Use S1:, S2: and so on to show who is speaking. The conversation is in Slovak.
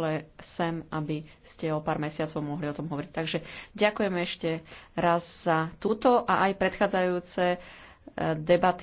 S1: ale sem, aby ste o pár mesiacov mohli o tom hovoriť. Takže ďakujem ešte raz za túto a aj predchádzajúce eh, debaty.